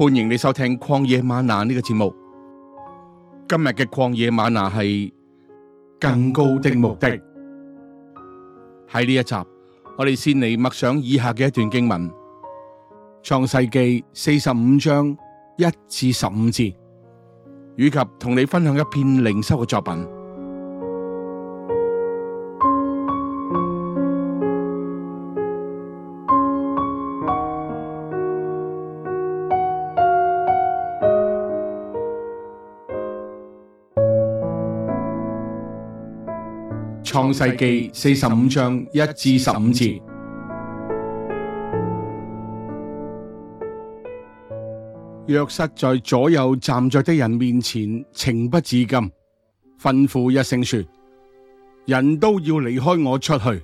歡迎你收聽曠野嗎哪呢、這個節目。今日嘅曠野嗎哪係更高的目的。喺呢一集，我哋先嚟默想以下嘅一段經文：創世記四十五章一至十五節，以及同你分享一篇靈修嘅作品。創世記四十五章一至十五節，約瑟在左右站着的人面前，情不自禁，吩咐一聲說：人都要離開我出去。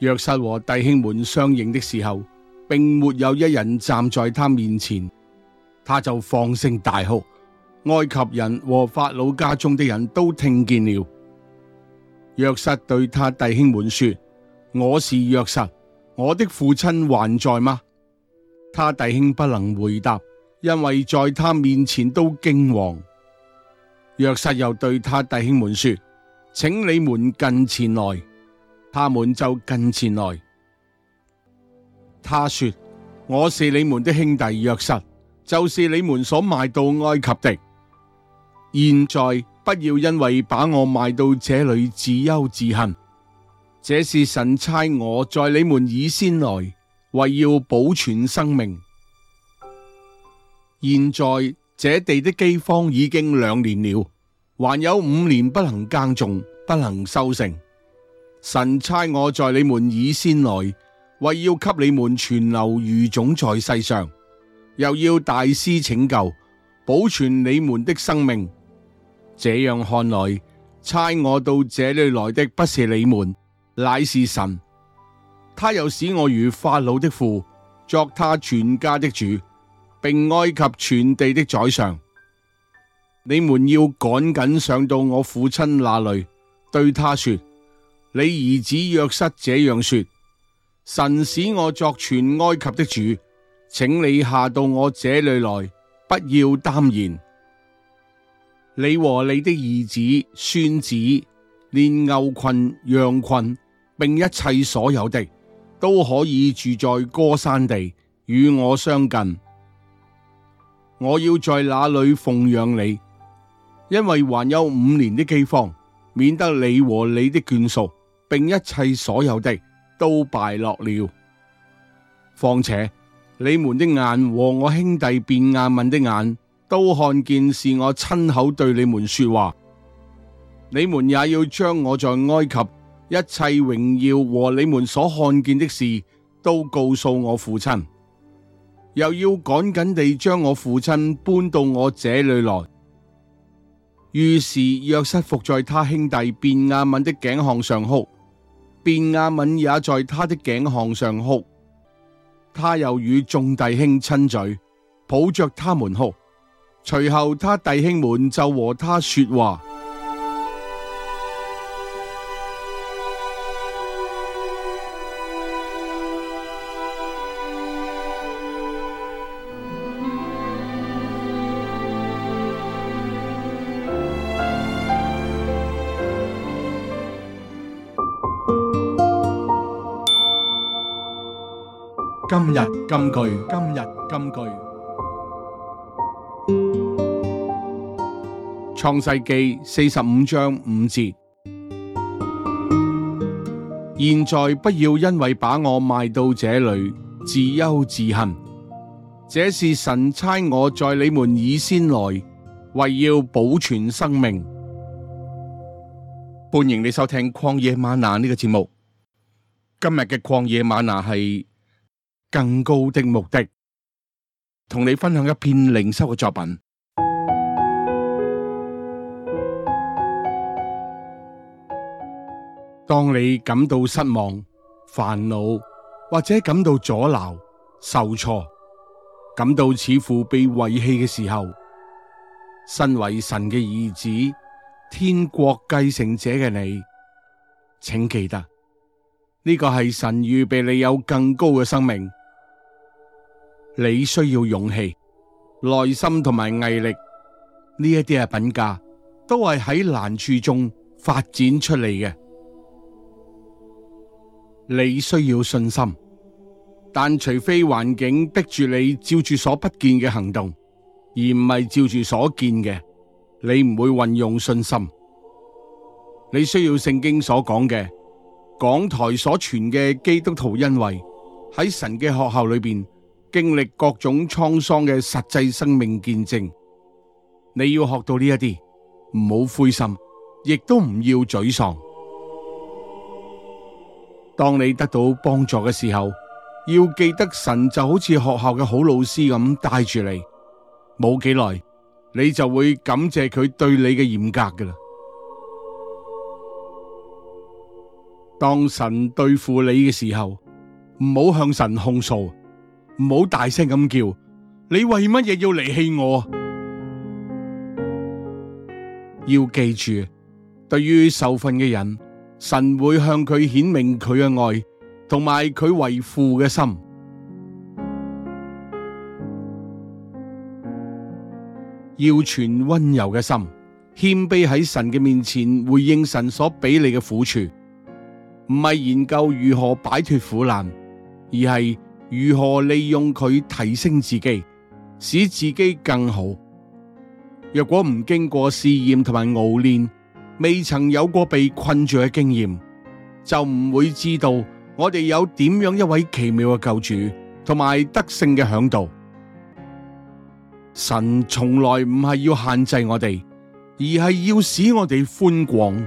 約瑟和弟兄們相認的時候，並沒有一人站在他面前，他就放聲大哭。埃及人和法老家中的人都聽見了。約瑟對他弟兄們說：我是約瑟，我的父親還在嗎？他弟兄不能回答，因為在他面前都驚惶。約瑟又對他弟兄們說：請你們近前來，他們就近前來。他說：我是你們的兄弟約瑟，就是你們所賣到埃及的。現在。不要因為把我賣到這裏自憂自恨，這是神差我在你們以先來，為要保存生命。現在這地的饑荒已經兩年了，還有五年不能耕種，不能收成。神差我在你們以先來，為要給你們存留餘種在世上，又要大施拯救，保存你們的生命。這樣看來，差我到這裏來的不是你們，乃是神。他又使我如法老的父作他全家的主，並埃及全地的宰相。你們要趕緊上到我父親那裏，對他說：你兒子約瑟這樣說：神使我作全埃及的主，請你下到我這裏來，不要耽延。你和你的兒子、孫子、連牛群、羊群，並一切所有的，都可以住在歌山地，與我相近。我要在那裡奉養你，因為還有五年的饑荒，免得你和你的眷屬，並一切所有的，都敗落了。況且你們的眼和我兄弟便雅憫的眼。都看見是我親口對你們說話，你們也要將我在埃及一切榮耀和你們所看見的事都告訴我父親，又要趕緊地將我父親搬到我這裏來。於是約瑟伏在他兄弟便雅憫的頸項上哭，便雅憫也在他的頸項上哭，他又與眾弟兄親，親嘴，抱着他們哭。隨後，他弟兄們就和他說話。今日金句，今日金句。創世記四十五章五節：「現在不要因為把我賣到這裏自憂自恨，這是神差我在你們以先來，為要保存生命。歡迎你收聽曠野瑪拿呢個節目，今日嘅曠野瑪拿係更高的目的，同你分享一篇靈修嘅作品。當你感到失望、煩惱或者感到阻撓、受挫，感到似乎被遺棄嘅時候，身為神嘅兒子、天國繼承者嘅你，請記得呢個係神預備你有更高嘅生命。你需要勇氣、耐心同埋毅力，呢一啲嘅品格都係喺難處中發展出嚟嘅。你需要信心，但除非環境逼住你照住所不見嘅行動，而唔係照住所見嘅，你唔會運用信心。你需要聖經所講嘅，港台所傳嘅基督徒恩惠，喺神嘅學校裏面經歷各種滄桑嘅實際生命見證。你要學到呢一啲，唔好灰心，亦都唔要沮喪。當你得到幫助嘅時候，要記得神就好似學校嘅好老師咁帶住你，冇幾耐你就會感謝佢對你嘅嚴格㗎喇。當神對付你嘅時候，唔好向神控訴，唔好大聲咁叫，你為乜嘢要離棄我？要記住，對於受訓嘅人。神會向佢顯明佢嘅愛，同埋佢為父嘅心，要存温柔嘅心，謙卑喺神嘅面前回應神所俾你嘅苦處，唔係研究如何擺脱苦難，而係如何利用佢提升自己，使自己更好。若果唔經過試驗同埋熬練，未曾有過被困住嘅經驗，就唔會知道我哋有點樣一位奇妙嘅救主，同埋得勝嘅響度。神從來唔係要限制我哋，而係要使我哋寬廣。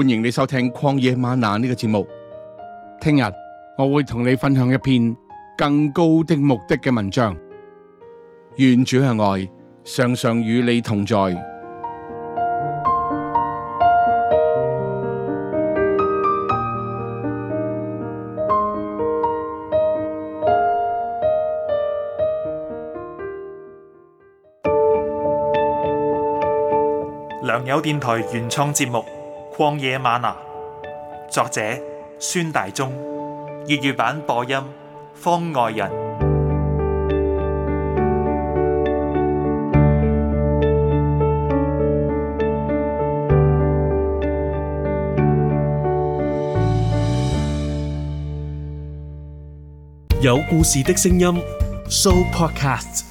歡迎你收聽曠野嗎哪呢個節目。聽日我會同你分享一篇更高的目的嘅文章。願主嘅愛常常與你同在。良友電台原創節目。曠野嗎哪，作者孫大中，粵語版播音方外人，有故事的聲音 show podcast。